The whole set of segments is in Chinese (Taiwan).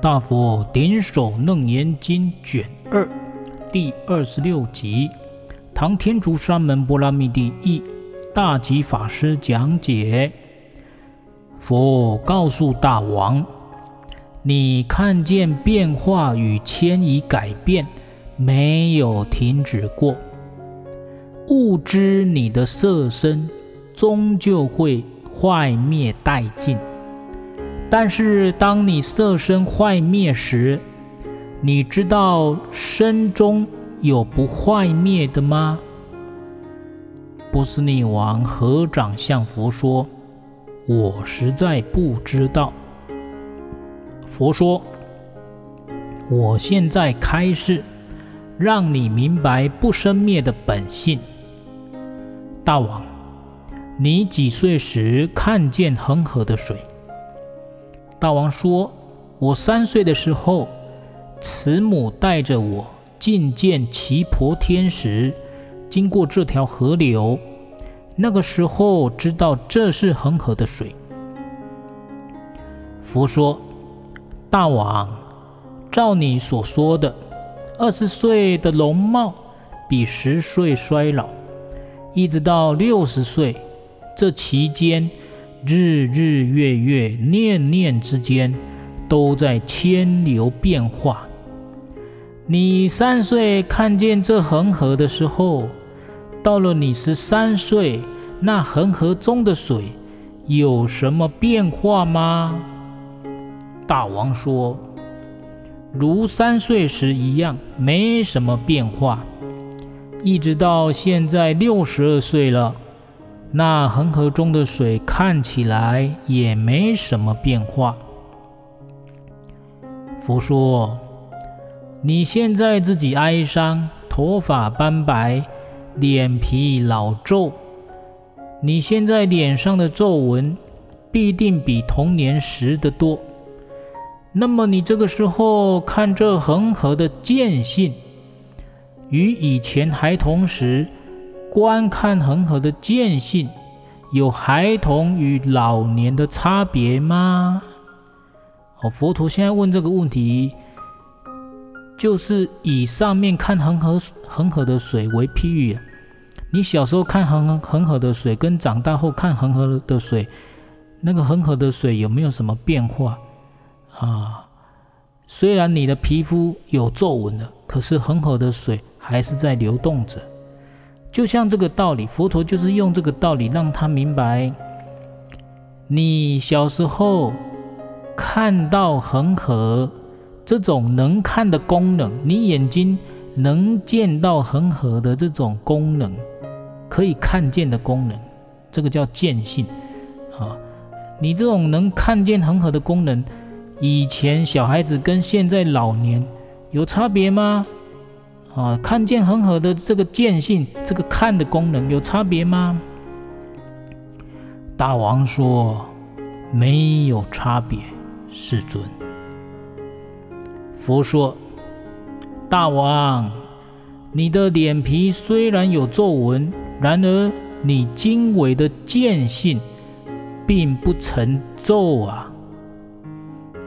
大佛點手楞嚴經卷二第二十六集，唐天竺三門波拉密第一大吉法師講解。佛告訴大王：“你看見變化與遷移改變沒有停止過，悟知你的色身終究會壞滅殆盡。”但是，當你色身壞滅時，你知道身中有不壞滅的嗎？波斯匿王合掌向佛說：“我實在不知道。”佛說：“我現在開示讓你明白不生滅的本性。大王，你幾歲時看見恆河的水？”大王說：“我三歲的時候，慈母帶着我覲見耆婆天時，經過這條河流，那個時候知道這是恆河的水。”佛說：“大王，照你所說的，二十歲的容貌比十歲衰老，一直到六十歲，這期間。”日日月月，念念之間，都在遷流變化。你三歲看見這恆河的時候，到了你十三歲，那恆河中的水有什麼變化嗎？大王說，如三歲時一樣，沒什麼變化。一直到現在六十二歲了。那恆河中的水看起來也沒什麼變化。佛說：“你現在自己哀傷，頭髮斑白，臉皮老皺。你現在臉上的皺紋必定比童年時的多。那麼你這個時候看這恆河的見性，與以前孩童時。”觀看恆河的見性，有孩童與老年的差別嗎？哦，佛陀現在問這個問題，就是以上面看恆河恆河的水為譬喻啊。你小時候看恆恆河的水，跟長大後看恆河的水，那個恆河的水有沒有什麼變化啊？雖然你的皮膚有皺紋了，可是恆河的水還是在流動着。就像這個道理，佛陀就是用這個道理讓他明白：你小時候看到恆河這種能看的功能，你眼睛能見到恆河的這種功能，可以看見的功能，這個叫見性啊。你這種能看見恆河的功能，以前小孩子跟現在老年有差別嗎？啊，看見很好的這個見性，這個看的功能有差別嗎？大王說，沒有差別，世尊。佛說，大王，你的臉皮雖然有皺紋，然而你精微的見性並不成皺啊。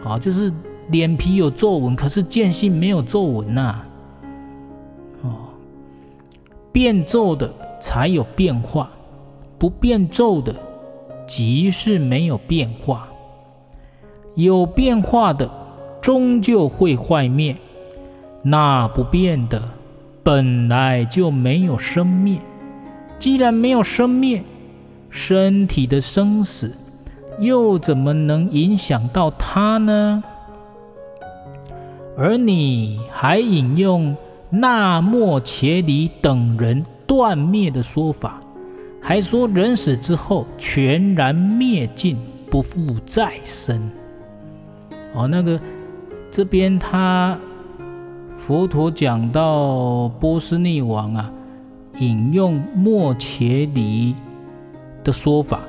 啊，就是臉皮有皺紋，可是見性沒有皺紋吶、啊。變皺的才有變化，不變皺的即是沒有變化。有變化的終究會壞滅，那不變的本來就沒有生滅。既然沒有生滅，身體的生死又怎麼能影響到它呢？而你還引用。那末伽黎等人斷滅的說法，還說人死之後全然滅盡，不復再生。哦，那個這邊他佛陀講到波斯匿王啊，引用末伽黎的說法。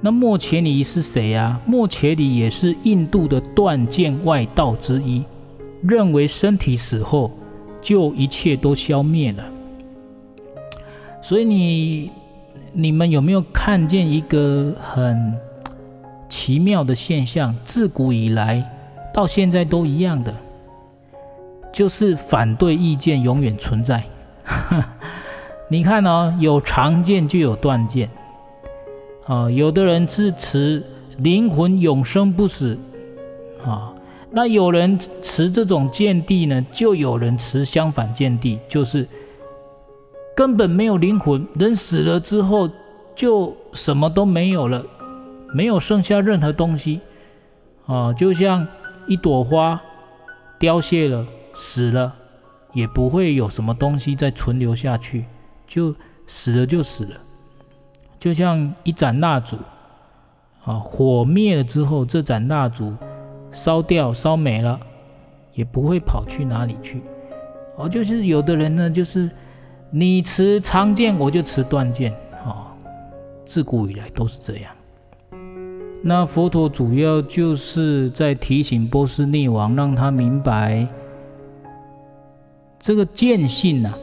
那末伽黎是誰啊？末伽黎也是印度的斷見外道之一，認為身體死後。就一切都消滅了。所以你、你們有沒有看見一個很奇妙的現象？自古以來到現在都一樣的，就是反對意見永遠存在。你看哦，有常見就有斷見。啊，有的人支持靈魂永生不死，啊。那有人持這種見地呢，就有人持相反見地，就是根本沒有靈魂，人死了之後就什麼都沒有了，沒有剩下任何東西啊，就像一朵花凋謝了、死了，也不會有什麼東西再存留下去，就死了就死了，就像一盞蠟燭啊，火滅了之後，這盞蠟燭。燒掉、燒沒了，也不會跑去哪裡去。哦，就是有的人呢，就是你持常見，我就持斷見。哦，自古以來都是這樣。那佛陀主要就是在提醒波斯匿王，讓他明白這個見性啊，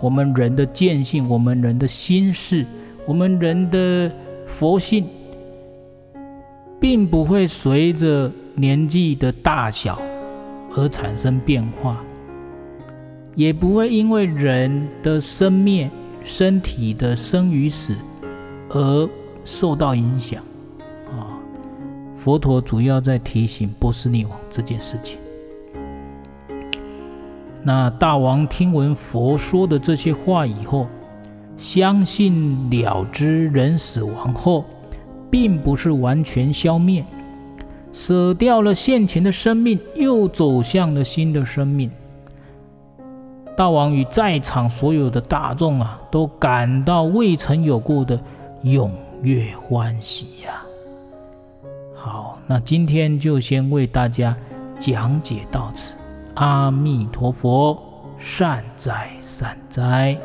我們人的見性，我們人的心事，我們人的佛性，並不會隨着。年紀的大小而產生變化，也不會因為人的生滅、身體的生與死而受到影響。啊，佛陀主要在提醒波斯匿王這件事情。那大王聽聞佛說的這些話以後，相信了知人死亡後，並不是完全消滅。捨掉了現前的生命，又走向了新的生命。大王與在場所有的大眾啊，都感到未曾有過的踊躍歡喜呀、啊！好，那今天就先為大家講解到此。阿彌陀佛，善哉善哉。